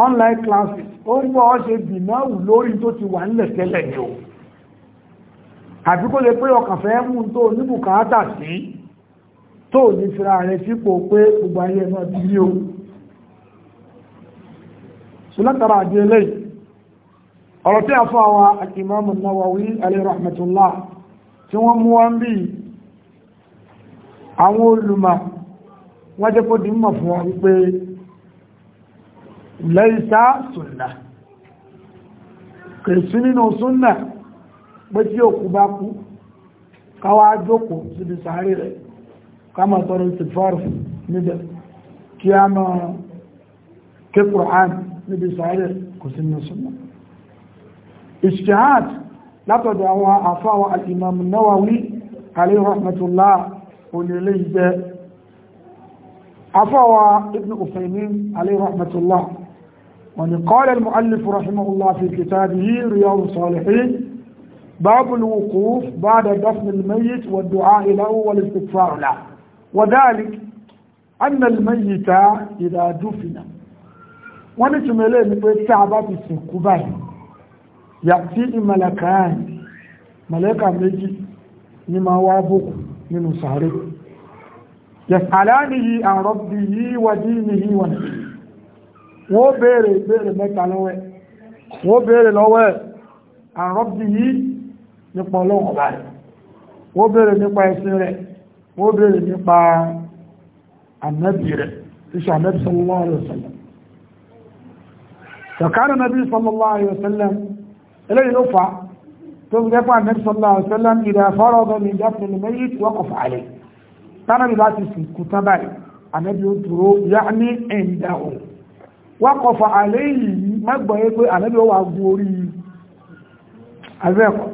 online classes ó ń bọ́ ṣe bìnáwù lórí tó ti wà nílẹ̀ tẹ́lẹ̀ ni o àbí kó lè pé ọkàn fẹ́ mú tó oníbùkátà sí tó ní fira rẹ̀ sípò pé gbogbo ayé náà ti rí o ṣùlátara àdí eléyìí ọ̀rọ̀ tí a fún àwọn Imam Nawawi alayhi rahmatullah tí wọ́n mú wá ń bí àwọn olùmọ̀ wọ́n jẹ́ kó di mọ̀ fún wọn wípé laysa sunna kìrìsì nínú sunna pé tí òkú bá kú káwá jókòó síbi sàárè rẹ̀ ká tọrọ istighfar níbẹ̀ kí a máa ké Qur'an níbi sàárè kò sí nínú sunna ìṣẹ́hàt látọ̀dọ̀ àwọn àfáwọn al-Imam Nawawi alayhi rahmatullah onílé ìjẹ́ àfáwọn Ibn Uthaymin alayhi rahmatullah ومن قال المؤلف رحمه الله في كتابه رياض الصالحين باب الوقوف بعد دفن الميت والدعاء له والاستغفار له وذلك أن الميت إذا دفن ونتم إليه نقول التعبات السنكوبين yàtí ìmàlàkàáyì màlẹ́kà méjì ní ma wá bókù nínú sàárè yàtàláàrí yìí àrọ́bì yìí wà dínì yìí wà wọ́n bèèrè ìbéèrè mẹ́ta lọ́wẹ́ wọ́n bèèrè lọ́wẹ́ àrọ́bì yìí nípa ọlọ́wọ́ báyìí wọ́n bèèrè nípa ẹ̀sìn rẹ̀ wọ́n bèèrè nípa ànábì rẹ̀ eléyìí ló fà á tó ń gẹ́fà nẹ́bí sọ́lá ọ̀sẹ́lá ìdá fọ́rọ̀ ọ̀dọ́ mi jáfẹ́ ní méjì tí wọ́n kọ̀ fà álẹ̀ tánàbí bá ti sìnkú tán báyìí ànẹ́bí ó dúró yá ní ẹ̀ǹdà ọ̀ wọ́n kọ̀ fà álẹ̀ yìí mẹ́gbọ̀n yé pé ànẹ́bí ó wà gun orí abẹ́ẹ̀kọ́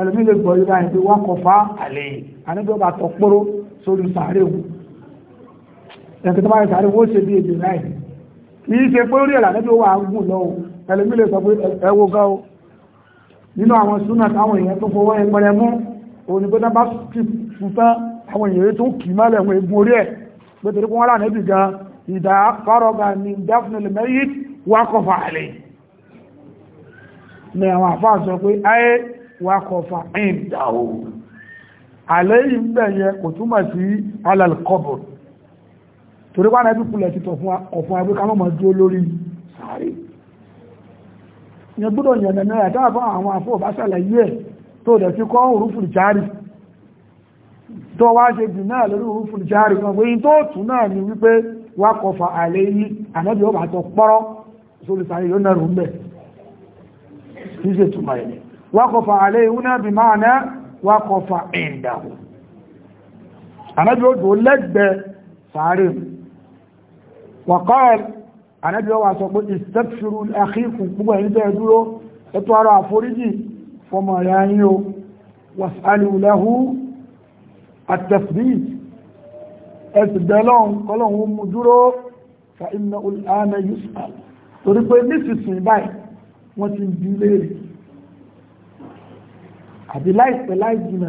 ẹlòmí lè gbọ́ yí báyìí pé wọ́n kọ̀ fà álẹ̀ yìí ànẹ́bí ó bá tọ̀ kpóró sórí sàárè wù ẹ̀kẹ́ tó bá yẹ sàárè wọ́n ṣe bí èdè láì kì í ṣe nínú àwọn súnà táwọn èèyàn tó fọwọ́ ẹgbẹ̀rẹ̀ mú òní pé náà bá fúnfẹ́ àwọn èèyàn tó kì mọ́lẹ̀ wọn egun orí ẹ̀ pé torí kún wọ́n rà níbi gan ìdá fárọgà ní definitely merit wákọ̀fà àlè ní àwọn àfáà sọ pé ayé wákọ̀fà ìdáwó àlè yìí ń bẹ̀yẹ kò túmọ̀ sí alàlùkọ́bọ̀ torí wọn rà níbi kulẹ̀ ti tọ̀ fún ọ̀fún agbékamọ́mọ́ dúró lórí sáré yẹn gbọ́dọ̀ yẹ̀nà náà dáàbọ̀ àwọn àfọ́ bá ṣàlàyé ẹ̀ tó dẹ̀ fi kọ́ òrùfù járì tó wá ṣe jù náà lórí òrùfù járì kan pé tó tún náà ni wípé wá kọfà àlẹ́ yìí ànábì ó tọ pọ́rọ́ sórí sáré ànábì wa sọ pé ìsẹ́fìrú àkíkù púpọ̀ ẹni tẹ́ dúró ẹ̀tọ́ ara àforíjì fọmọ rẹ̀ ayé o wàsálùlẹ́hù àtẹ̀fìdíjì ẹ̀sìdẹ́lọ́n kọlọ̀hún mú dúró fa iná olùhánà yusuf torí pé nísinsìn báyìí wọ́n ti bí léèrè àbí láìpẹ́ láì jìnà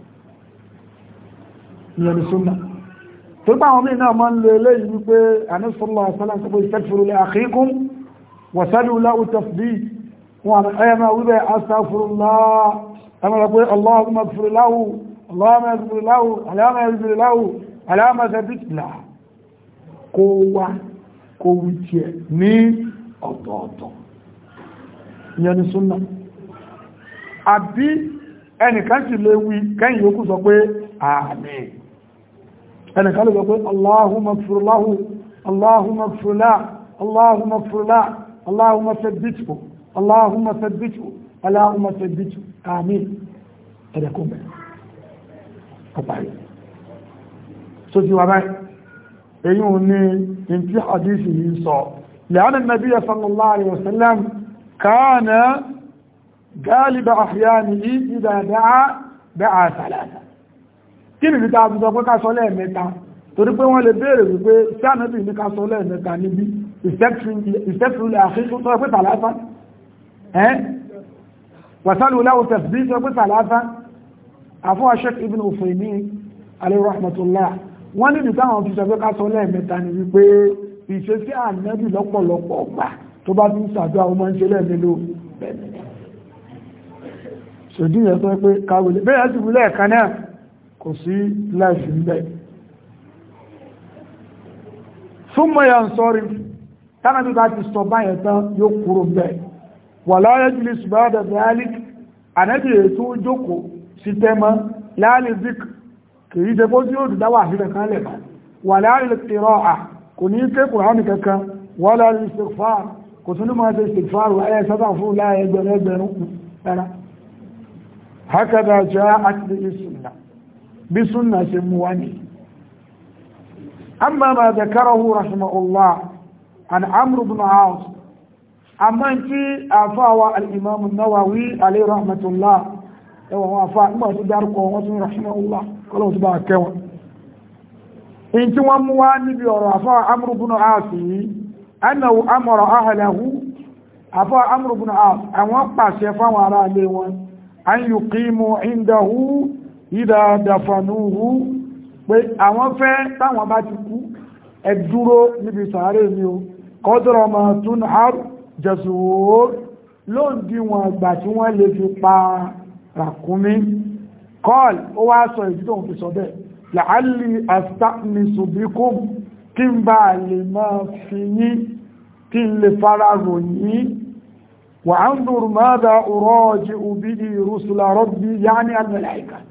ìyẹn ni súnà tó bá àwọn mìíràn máa ń lo eléyìí wípé àníṣọ́lọ́ àṣálà tó bóyí tẹ́tìfúrú lẹ́ àkíkún wọ̀sẹ́lú láwù tẹ́fìdí wọn ẹ̀yẹ máa wíbẹ̀ astaghfirullah ẹmọ́ra pé Allahumma ighfir lahu Allahumma ighfir lahu Allahumma ighfir lahu Allahumma thabit la kó wá kó wí tiẹ̀ ní ọ̀tọ̀ọ̀tọ̀ ìyẹn ni súnà àbí ẹnìkan sì lè wí kẹ́yìn yókù sọ pé àmín أنا خالد أقول اللهم اغفر له اللهم اغفر له اللهم اغفر له اللهم ثبته اللهم ثبته اللهم ثبته آمين هذا كم سوتي وابعي أيوني في حديثه صعب لأن النبي صلى الله عليه وسلم كان غالب أحيانه إذا دعا دعا ثلاثة kí nìdí tá a ti sọ pé ká sọ lẹ́ẹ̀mẹ́ta torí pé wọ́n lè béèrè wípé sí ànábì ní ká sọ lẹ́ẹ̀mẹ́ta níbi ìsẹ́fìlẹ̀ àkíkú sọ pé tàlásá ẹ́ wàsálù láwù tẹ̀sí sọ pé tàlásá àfọwà Sheikh Ibn Ufaymi alayhi rahmatullah wọ́n nìdí táwọn fi sọ pé ká sọ lẹ́ẹ̀mẹ́ta ní wípé ìṣesí ànábì lọ́pọ̀lọpọ̀ ọgbà tó bá tún sàdúrà ó máa ń ṣe lẹ́ẹ̀mẹ́lò bẹ́ẹ̀ bẹ́ẹ̀ sì wúlẹ̀ kan náà kò sí láìsí níbẹ̀ súnmọ́ yà ń sọ́rí tánàbí bá ti sọ báyẹ̀ tán yóò kúrò bẹ̀ wà láyé jùlọ ṣùgbọ́n dàbí alìk ànẹ́bì ètò jókòó sí tẹ́mọ́ láàrín zik kìí jẹ́ fójú yóò dùdáwà àfihàn kan lẹ̀ wà láàrín ìrọ̀ à kò ní ké kùránì kankan wà láàrín istighfar kò tún ní máa ṣe istighfar wà ẹ̀ sábà fún láàrín ẹgbẹ̀rún ẹgbẹ̀rún rárá hakada jẹ́ àti ìsìnlá bí súnà ṣe mú wá ní amma ma zakarahu rahimahullah an amru bin amma tí àfáwà nawawi alayhi rahmatullah ẹwà wọn àfá nígbà tó dárúkọ wọn tún rahimahullah kọlọ̀ tó bá kẹwọn in tí wọ́n mú wá níbi ọ̀rọ̀ àfáwà amru bin aas yìí annahu amara ìdá dàfànúhú pé àwọn fẹ́ táwọn bá ti kú ẹ dúró níbi sàárè mi o kọ́dọ̀rọ̀ ma tún har jẹ̀sùwò lóǹdí wọn àgbà tí wọ́n lè fi pa ràkúnmí kọ́ọ̀l ó wá sọ ìdí tó sọ bẹ́ẹ̀ làálì àstàmìsùbíkùn kí n bá lè máa fi yín kí n lè fara ròyìn wà á ń dùn mọ́dà ọ̀rọ̀ ọjẹ́ òbí ìrùsùlà rọ́bí yá àmì láìkàtà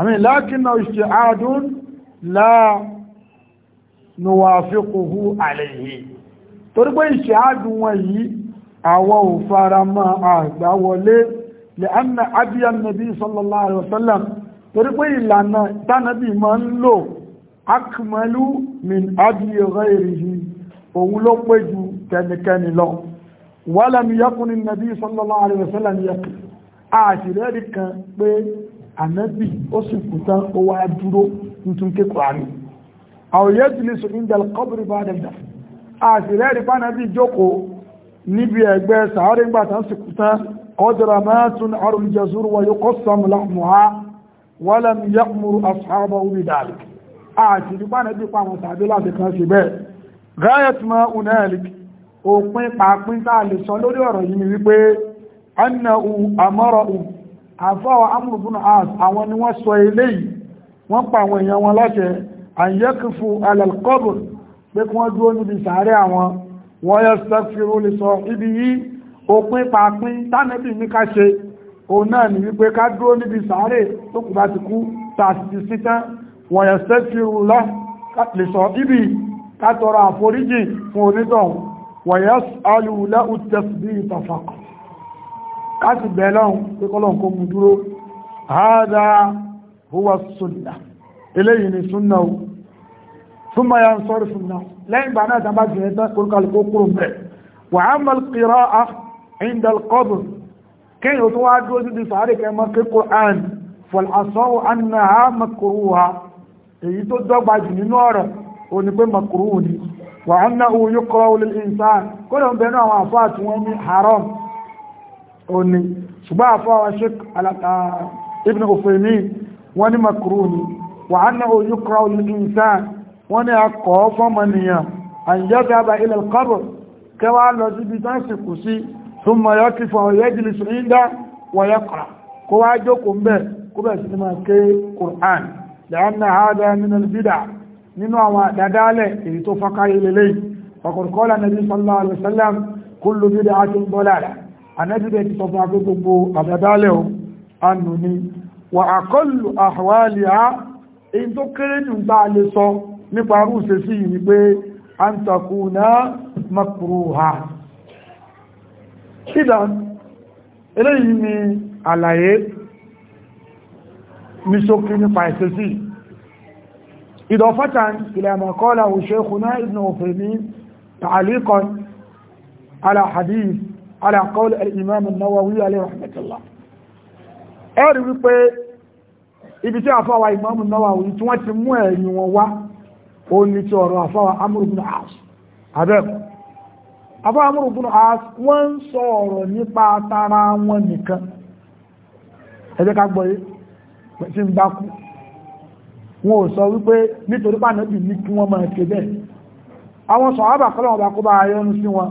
àmì lákínà ìṣẹ́àdún láàánúwàfíkòhú àlèyé torí pé ìṣẹ́àdún wọn yìí àwọn ò fara mọ́ àgbà wọlé lè ánà abíyàn nàbí sallallahu alaihi wasallam torí pé ìlànà tánàbí ma ń lò akmalu min abíyàn ghairihi òun ló pé ju tẹnikẹni lọ wàlámi yakunin nàbí sallallahu alaihi wasallam yẹ ànábì ó sì kú tán ó wá dúró tuntun ké kùránì àwọn yẹ́ ti lè sọ ní ìdàlẹ̀ kọ́bùrì bá dẹ̀dà àṣìrẹ́ rí pánàbí jókòó níbi ẹgbẹ́ sàárè ń gbàtà sì kú tán ọdọ̀rà máa tún àrùn jẹ́sùrù wáyé kọ́ sàmùlá mùhá wọ́lẹ̀ yẹ́ múrù àṣàbà orí dàlẹ̀ àṣìrí pánàbí pàmọ̀ tàbí láti kan sí bẹ́ẹ̀ gáyẹ̀tì máa unẹ́ẹ̀lì òpin pàápín tá a lè sọ lórí ọ̀rọ̀ yìí wípé anna u àfáwọ̀ amúrùbùnà as àwọn ni wọ́n sọ eléyìí wọ́n pa àwọn èèyàn wọn láṣẹ àyẹ́kìfù alẹ́kọ́bù pé kí wọ́n dúró níbi sàárẹ̀ àwọn wọ́n yẹ sẹ́kìrò lè sọ ibi yìí òpin pàápín tánẹ́bì ní ká ṣe òun náà ní wípé ká dúró níbi sàárẹ̀ tó kù bá ti kú tàṣìtì sítán wọ́n yẹ sẹ́kìrò lè sọ ibi ká tọrọ àforíjì fún onítọ̀hún wọ́n yẹ alùlẹ́ kásì bẹ̀ lọ́hun pé kọ́lọ̀n kó mú dúró hádá huwa súnnà eléyìí ni súnnà o súnmà ya ń sọ́rọ̀ súnnà lẹ́yìn bá náà tàbá jẹ́ tán kórùkàlùkó kúrò mẹ́ wà á mọ̀ kìrọ́ à ìndal qabr kéyìn tó wá dúró sí ti sàárè kẹmọ́ kí Qur'an fọlásọ́wọ́ ni wà á náà lil insan kó lọ́n bẹ̀rẹ̀ àwọn àfáà tí haram ó ní ṣùgbọ́n àfọwà sheik alata uh, ibn ofemi wọ́n ní makuru ni wà á náà yukra olùdínsán wọ́n ní akọ̀ fọ́mọnìyàn àyẹ́dàbà ilẹ̀ kọ́bọ̀ kẹwàá lọ síbi tán sì kù sí ثم يقف ويجلس عنده ويقرأ كواجكم به كبس لما كي قرآن لأن هذا من البدع ننوى ددالة يتفقى إليه فقد قال النبي صلى الله عليه وسلم كل بدعة ضلالة anẹ́bídẹ̀ ti sọ fún agbé gbogbo àbádálẹ̀ o anù ni wà àkọlù àwálì á in tó kéré jù ń tàà lè sọ nípa rúùsẹ sí yìí pé a ń takù náà makruha ṣídà eléyìí ni àlàyé ní nípa ẹ̀sẹ̀ sí ìdọ̀fẹ́ta ilẹ̀ àmọ̀kọ́lá òṣèkùnà ala hadith على قول الإمام النووي عليه رحمة الله ẹ̀rí wípé ibi tí àfáwà ìmáàmù Nawawi tí wọ́n ti mú ẹ̀yìn wọn wá ó ní tí ọ̀rọ̀ àfáwà Amr ibn As abẹ́kù àfáwà Amr ibn As wọ́n ń sọ ọ̀rọ̀ nípa tara wọn nìkan ẹ jẹ́ ká gbọ́ yé tí ń bá kú ò sọ wípé nítorí pàdánù ní kí wọ́n máa ṣe bẹ́ẹ̀ àwọn sọ̀hábà kọ́lọ̀ ọba kó sí wọn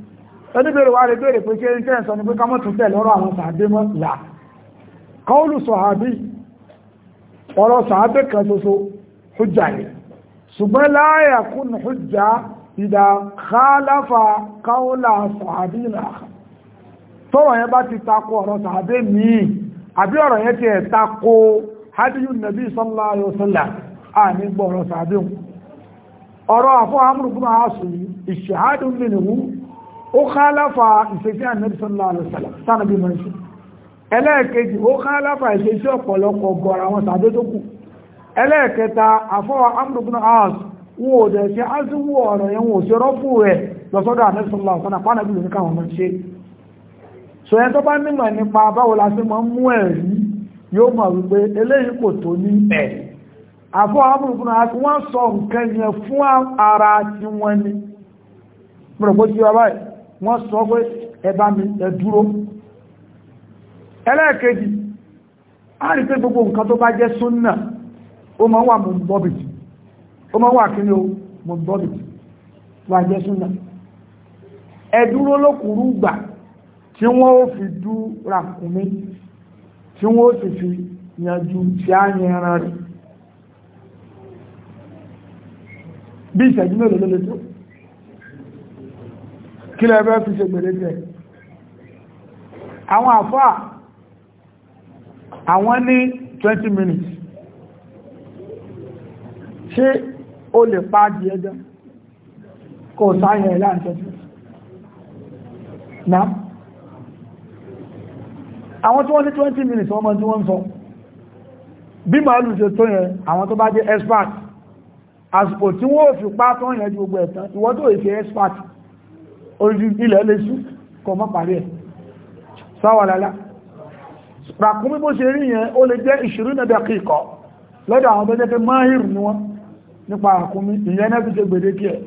ẹnibẹ̀rẹ̀ wa rẹ̀ bèèrè pé ṣe ń tẹ́ẹ̀sọ ni pé ká mọ́tún tẹ̀ lọ́rọ̀ àwọn sàábé mọ́ là kọ́ọ̀lù sọ̀hábí ọ̀rọ̀ sàábé kan ṣoṣo hujja ni ṣùgbọ́n láàyà kún hujja ìdá khalafa kọ́ọ̀lá sọ̀hábí làkà tọ́rọ̀ yẹn bá ti tako ọ̀rọ̀ sàábé míì àbí ọ̀rọ̀ yẹn ti ẹ̀ tako hadiyu nabi sallallahu ó kálàfà ìfẹ́sí ànábì sallallahu alaihi wasallam tánàbí mọ́ sí ẹlẹ́ẹ̀kejì ó kálàfà ìfẹ́sí ọ̀pọ̀lọpọ̀ gọ́ra wọn tàbí tó kù ẹlẹ́ẹ̀kẹta àfọwọ́ amúrùkún house wọn ò dẹ̀ sí ásíwò ọ̀rọ̀ yẹn wọn ò sí rọ́pù rẹ̀ lọ́sọ́dọ̀ ànábì sallallahu alaihi wasallam pánàbí lónìí káwọn mọ́ ṣe so ẹni tó bá nímọ̀ nípa báwo la ṣe máa ń amúrùkún house wọ́n sọ nǹkan yẹn fún ara tí wọ́n ní mo rò pé tí wọ́n wọ́n sọ pé ẹbá mi ẹdúró ẹlẹ́ẹ̀kejì a rí pé gbogbo nǹkan tó bá jẹ́ súnnà ó máa wà mọ̀ bọ́bìtì ó máa wà kí ni ó mọ̀ bọ́bìtì wà jẹ́ súnnà ẹdúró lókùrú gbà tí wọ́n ó fi dú ràkúnmí tí wọ́n ó sì fi yanjú tí a yẹn rẹ̀ bí ìṣẹ́jú mélòó lè tó kí lẹ fẹ́ fi ṣe gbèrè jẹ àwọn àfá àwọn ní 20 minutes ṣé o lè pa di ẹjọ́ kò sáyẹ̀ láàrín 20 minutes náà àwọn tí wọ́n ní 20 minutes wọ́n mọ́ tí wọ́n ń sọ bí màálù ṣe tó yẹn àwọn tó bá jẹ́ expert àsìkò tí wọ́n ò fi pá tó yẹn ju gbogbo ẹ̀tàn ìwọ́n tó èsì expert orí ilẹ̀ lè ṣú kọ mọ́ parí ẹ̀ sáwàlálá ràkúnmí bó ṣe rí yẹn ó lè jẹ́ ìṣirú nẹ́bẹ̀ kíkọ́ lọ́dọ̀ àwọn tó jẹ́ pé hìrù ní wọn nípa ràkúnmí ìyẹn náà fi ṣe gbèdéke ẹ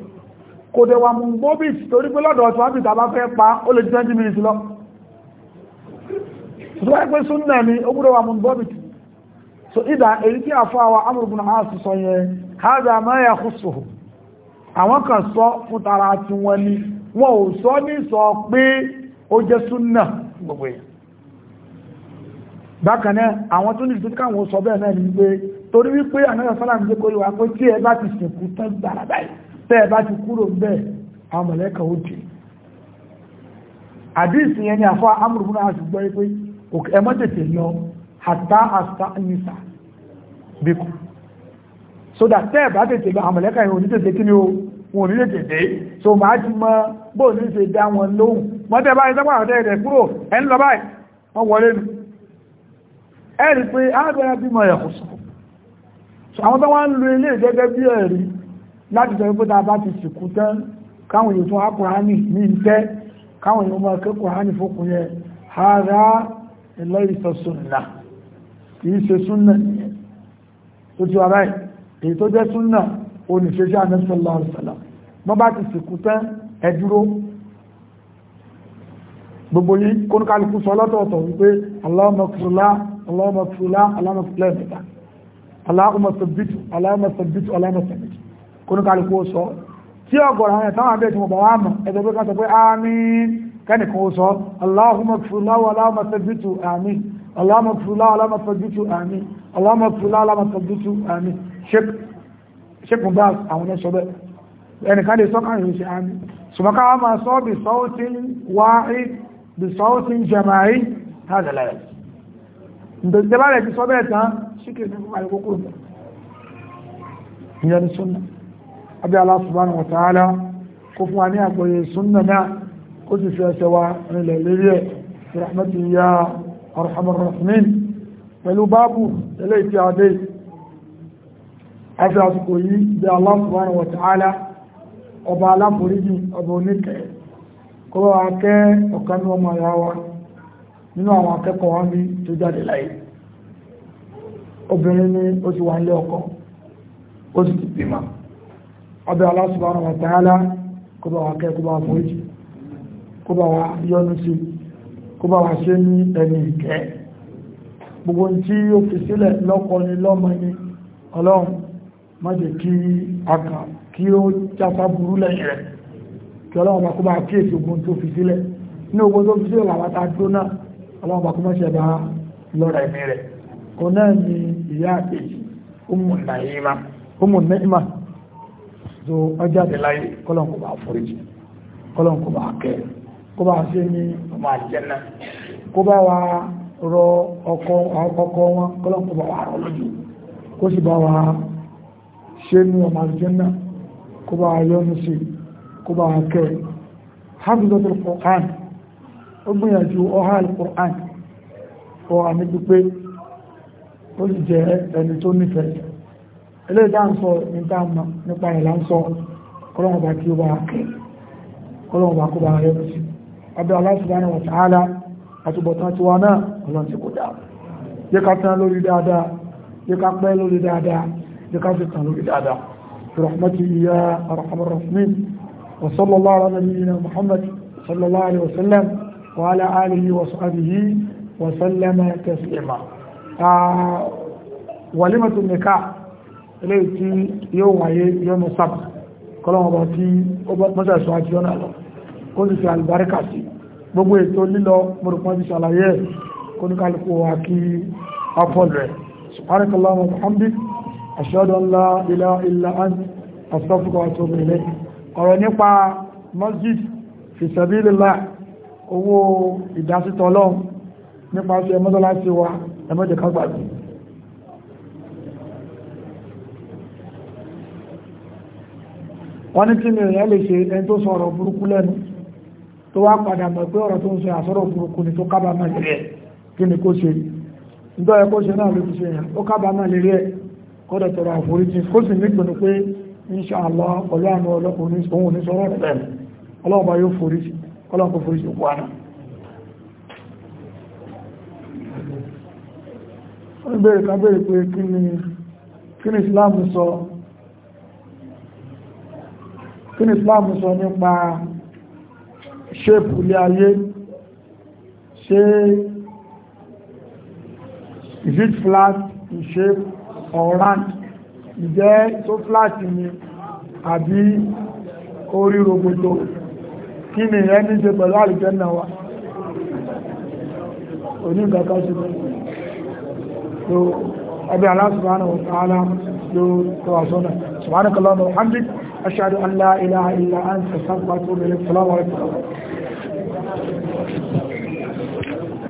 kò dẹ̀ wà mú bóbìs torí pé lọ́dọ̀ ọ̀tún lọ súnnà ni ó gbúdọ̀ wà so ìdá èyí tí amúrùbùn sọ yẹn máa yà kú àwọn kan sọ fún wọn ò sọ ní sọ pé ó jẹ́ súnà gbogbo èèyàn bákanáà àwọn tó ní ìsìnkú káwọn sọ bẹ́ẹ̀ náà ní pé torí wípé ànáyà sọ́lá ní kó yíwa pé tí ẹ bá ti sìnkú tán gbàràdà tẹ́ ẹ bá ti kúrò bẹ́ẹ̀ àwọn mọ̀lẹ́kà ó dì so that tẹ́ ẹ bá tètè lọ àwọn mọ̀lẹ́kà yẹn so màá ti mọ bóò ní ṣe dá wọn lóhùn wọ́n tẹ́ báyìí sọ́pàá ọ̀tẹ́ ẹ̀rẹ̀ kúrò ẹ̀ ń lọ báyìí wọ́n wọlé nù ẹ̀rì pé arábìnrin bímọ ẹ̀ kò sọ àwọn tó wọ́n ń lo ilé gẹ́gẹ́ bí ẹ̀rí láti sọ pé tá a bá ti sìnkú tán káwọn èèyàn tún akùnránì ní ìtẹ́ káwọn èèyàn máa kẹ́kọ̀ọ́ hánì fókun yẹn ara èyí tó jẹ́ súnà oníṣẹ́ṣẹ́ àmẹ́sọ̀lá ọ̀sọ̀lá wọ́n bá ti sìnkú tán ẹ dúró gbogbo yí kónkálukú sọ lọ́tọ̀ọ̀tọ̀ wípé aláwọ̀mọ̀fúrúlá aláwọ̀mọ̀fúrúlá aláwọ̀mọ̀fúrúlá ẹ̀mẹ́ta aláwọ̀mọ̀sọ̀bìtù aláwọ̀mọ̀sọ̀bìtù aláwọ̀mọ̀sọ̀bìtù kónkálukú sọ tí ọgọ̀rọ̀ àwọn ẹ̀tàwọn abẹ́ tí mo bọ̀ wá mọ̀ ẹ̀tọ́ pé ká sọ pé àmín kẹ́nìkan ó sọ aláwọ̀mọ̀fúrúlá aláwọ̀mọ̀sọ̀bìtù àmín aláwọ̀mọ̀fúrúlá aláwọ̀mọ̀sọ̀bìtù àmín aláwọ̀mọ̀fúrúlá aláwọ̀mọ̀sọ̀bìtù àmín ṣékùn bá àwọn ẹ̀ṣọ́ bẹ́ẹ̀ ẹnìkan lè sọ́kàn ìrìnṣẹ́ àmín ṣùgbọ́n ká máa sọ bí sọ́ọ̀tín wáhí bí sọ́ọ̀tín jamaí tààdàlẹ̀ ìdọ̀dẹ̀bàrẹ̀ ti sọ bẹ́ẹ̀ tán ṣíkè ní fún àìkókò ìyẹn ni súnnà abẹ́ Allah subhanahu wa ta'ala kó fún wa ní àgbọ́yé súnnà náà kó sì fi ẹsẹ̀ wa nílẹ̀ lérí ẹ̀ fi rahmatu ya arhamar rahimin pẹ̀lú báàbù ilé ìtì àdé àti àsìkò yìí bí Allah subhanahu wa ta'ala ọba aláforíjì ọba oníkẹ́ kó ọmọ wa nínú àwọn akẹ́kọ̀ọ́ wa ní tó jáde láyé obìnrin ni ó ti wà ọkọ ó sì ti bímọ ọbẹ̀ Allah ta'ala kó bá wa kẹ́ kó bá wa foríjì kó bá wa sí bá wa ṣe ní ẹni gbogbo tí ó fi ni kí ó jáfá burú lẹ́yìn rẹ̀ kí ọlọ́run bá kó bá kíyèsí ogun tó fi sílẹ̀ ní ogun tó fi sílẹ̀ làwọn ta náà kó ṣẹ̀dá ẹ̀mí rẹ̀ kò náà ni ìyá àkejì Ummu tó ọjáde láyé kọ́lọ́n kò bá foríjì kọ́lọ́n kò bá kẹ́ kó bá ṣe ní ọmọ àjẹ́nà kó bá wa rọ ọkọ̀ kó bá yọ́nú kee kó bá kẹ́ hamzatul Qur'an ó gbìyànjú ọha al-Qur'an ọ àmì pípé ó sì jẹ́ ẹni tó nífẹ̀ẹ́ ilé ìdáǹsọ nípa ìlànsọ kọlọ́wọ̀bá kí ó bá kẹ́ kọlọ́wọ̀bá Allah subhanahu wa ta'ala àtúbọ̀tán tí ti kò dáa yẹ ká tán lórí dáadáa yẹ ká برحمته يا أرحم الراحمين وصلى الله على نبينا محمد صلى الله عليه وسلم وعلى آله وصحبه وسلم تسليما آه وليمة النكاح إليتي يوم يوم السبت kọlọ́wọ́ bá tí mọ́sàṣọ́ àti ọ̀nà lọ kó ní fi àlùbáríkà sí gbogbo ètò lílọ mọ̀rùpọ̀ ti ṣàlàyé kó ní kálùkù wà kí afọ́lẹ̀ subhanakallahu wa bihamdik أشهد أن لا إله إلا أنت ọ̀rọ̀ nípa masjid fi owó ìdásítọ̀ ọlọ́run nípa ṣe mọ́sálásí wa ẹmọ́jẹ̀ kan gbàgbé wọ́n ní kí ni èèyàn lè ṣe ẹni tó sọ̀rọ̀ burúkú lẹ́nu tó wá padà mọ̀ pé ọ̀rọ̀ tó ń sọ burúkú ni tó kábàámọ̀ lérí ẹ̀ kí ni kó ṣe ṣe kọ́dọ̀ tọrọ àforíjì kó sì ní gbẹ̀nu pé insha Allah pẹ̀lú àmì ọlọ́kùnrin òun ní sọ́rọ̀ rẹ̀ bẹ̀rẹ̀ ọlọ́ọ̀bá yóò foríjì ọlọ́ọ̀kùn foríjì òkú àná wọ́n bèèrè ká bèèrè pé kí ni Islam sọ kí ni Islam is it flat in shape ọ̀ràn ìjẹ́ tó fláàtì ni àbí orí rògbòtò kí ni ẹ ní ṣe pẹ̀lú àlùjànnà wa òní ìgbàkan ṣe pẹ̀lú ẹbí Allah subhanahu wa ta'ala ló tọ́wà sọ́nà subhanaka Allahumma wa bihamdik ashhadu an la ilaha illa anta astaghfiruka